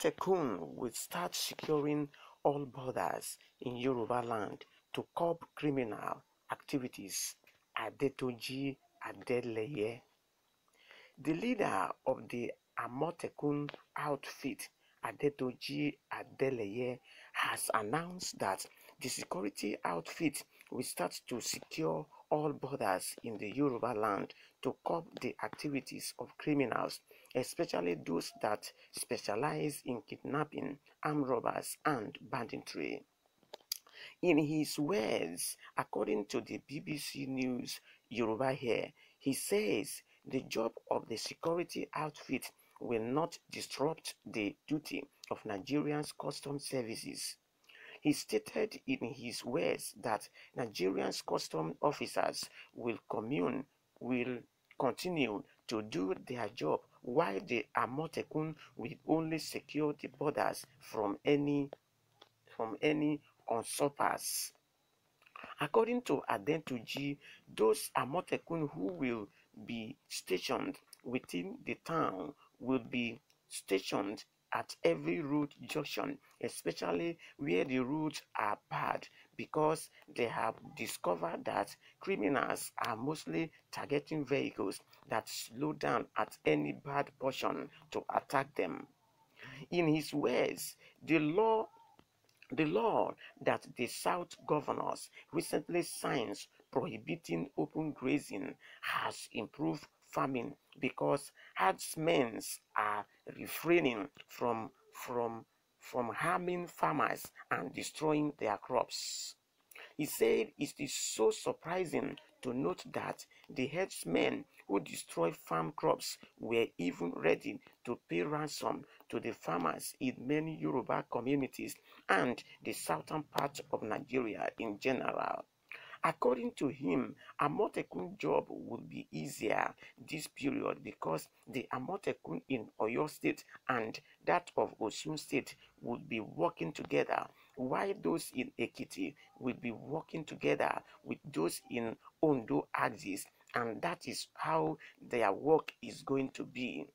Tekun will start securing all borders in Yorùbá land to curb criminal activities, Adetoji Adeleye. The leader of the Amotekun outfit, Adetoji Adeleye, has announced that the security outfit we start to secure all borders in the Yoruba land to curb the activities of criminals, especially those that specialize in kidnapping, armed robbers, and banditry. In his words, according to the BBC News Yoruba here, he says the job of the security outfit will not disrupt the duty of Nigerians' custom services. He stated in his words that Nigerian's custom officers will commune will continue to do their job while the Amotekun will only secure the borders from any from any usurpers. According to Adentuji, those Amotekun who will be stationed within the town will be stationed at every road junction, especially where the roads are bad, because they have discovered that criminals are mostly targeting vehicles that slow down at any bad portion to attack them. In his words, the law the law that the South governors recently signed prohibiting open grazing has improved farming because herdsmen are refraining from from from harming farmers and destroying their crops. He said it is so surprising to note that the herdsmen who destroy farm crops were even ready to pay ransom to the farmers in many Yoruba communities and the southern part of Nigeria in general. According to him, Amotekun job would be easier this period because the Amotekun in Oyo State and that of Osun State would be working together, while those in Ekiti would be working together with those in Ondo axis, and that is how their work is going to be.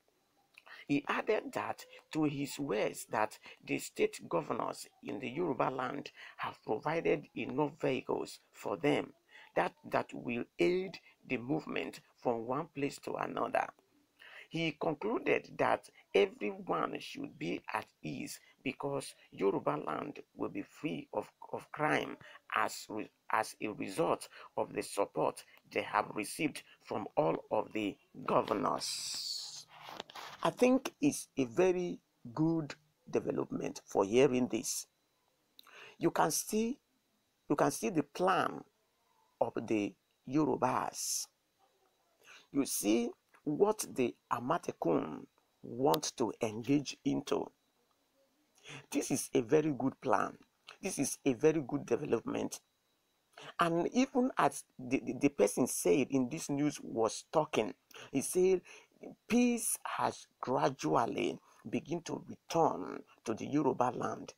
He added that to his words that the state governors in the Yoruba land have provided enough vehicles for them that, that will aid the movement from one place to another. He concluded that everyone should be at ease because Yoruba land will be free of, of crime as, as a result of the support they have received from all of the governors. I think it's a very good development for hearing this. You can see you can see the plan of the Yorubas. You see what the Amatekun want to engage into. This is a very good plan. This is a very good development. And even as the, the, the person said in this news was talking, he said peace has gradually begin to return to the Yoruba land.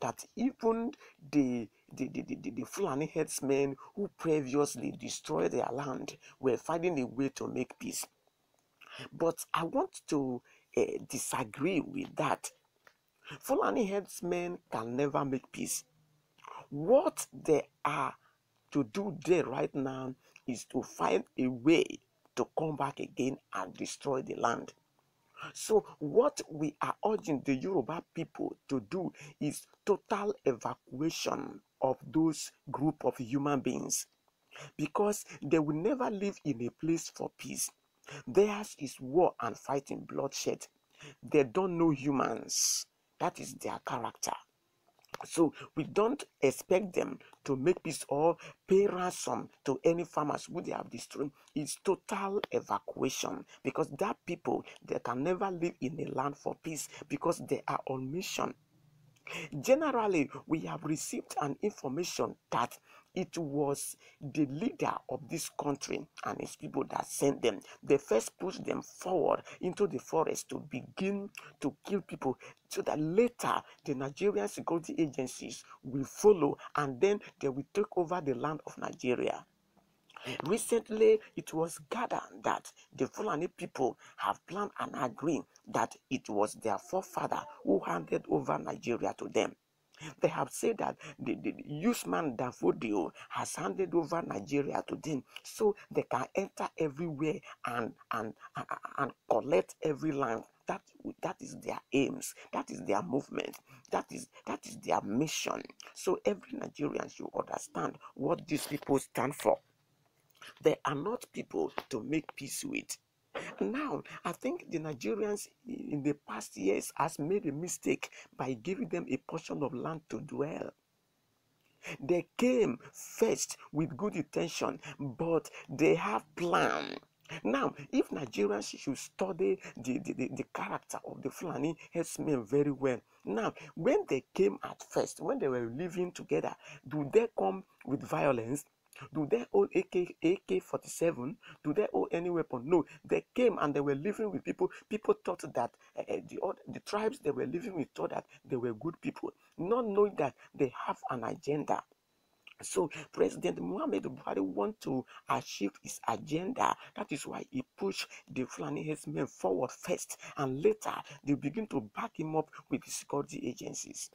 That even the the, the, the, the Fulani headsmen who previously destroyed their land were finding a way to make peace. But I want to uh, disagree with that. Fulani headsmen can never make peace. What they are to do there right now is to find a way to come back again and destroy the land. So, what we are urging the Yoruba people to do is total evacuation of those group of human beings because they will never live in a place for peace. Theirs is war and fighting bloodshed. They don't know humans. That is their character. So we don't expect them to make peace or pay ransom to any farmers who they have destroyed. It's total evacuation because that people they can never live in a land for peace because they are on mission. Generally, we have received an information that it was the leader of this country and his people that sent them. They first pushed them forward into the forest to begin to kill people so that later the Nigerian security agencies will follow and then they will take over the land of Nigeria. Recently, it was gathered that the Fulani people have planned and agreed that it was their forefather who handed over Nigeria to them. They have said that the, the, the Usman Danfodio has handed over Nigeria to them so they can enter everywhere and, and, and, and collect every land that that is their aims that is their movement that is that is their mission so every nigerian should understand what these people stand for they are not people to make peace with now, I think the Nigerians in the past years has made a mistake by giving them a portion of land to dwell. They came first with good intention, but they have plan. Now, if Nigerians should study the, the, the, the character of the Fulani herdsmen very well, now, when they came at first, when they were living together, do they come with violence? Do they own AK, AK 47? Do they own any weapon? No. They came and they were living with people. People thought that uh, the, other, the tribes they were living with thought that they were good people, not knowing that they have an agenda. So President Muhammad Buhari want to achieve his agenda. That is why he pushed the Flanagan's men forward first, and later they begin to back him up with the security agencies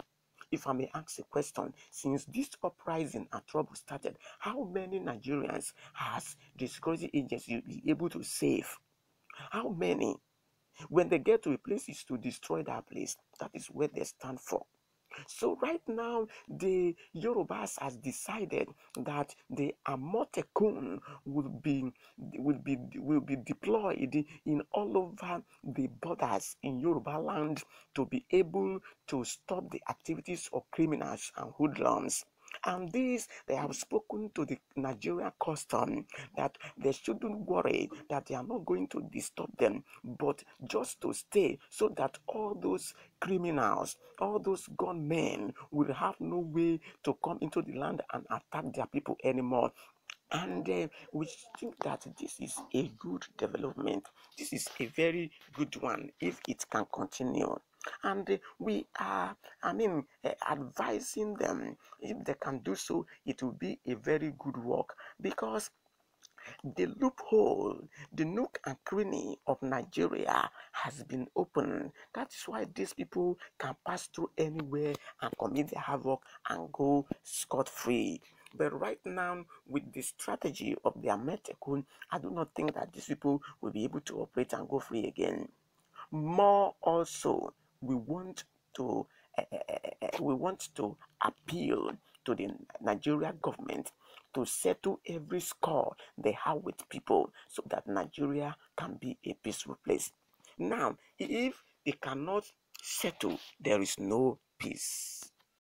if I may ask a question, since this uprising and trouble started, how many Nigerians has the security agency been able to save? How many? When they get to a place, to destroy that place. That is where they stand for. So right now, the Yorubas has decided that the Amotekun will be will be will be deployed in all over the borders in Yoruba land to be able to stop the activities of criminals and hoodlums. And um, this, they have spoken to the Nigerian custom that they shouldn't worry that they are not going to disturb them, but just to stay so that all those criminals, all those gunmen will have no way to come into the land and attack their people anymore. And uh, we think that this is a good development. This is a very good one if it can continue and we are, I mean, eh, advising them. If they can do so, it will be a very good work because the loophole, the nook and cranny of Nigeria has been opened. That is why these people can pass through anywhere and commit the havoc and go scot free. But right now, with the strategy of the Ametekun, I do not think that these people will be able to operate and go free again. More also, we want to uh, we want to appeal to the Nigeria government to settle every score they have with people so that Nigeria can be a peaceful place. Now, if they cannot settle, there is no peace.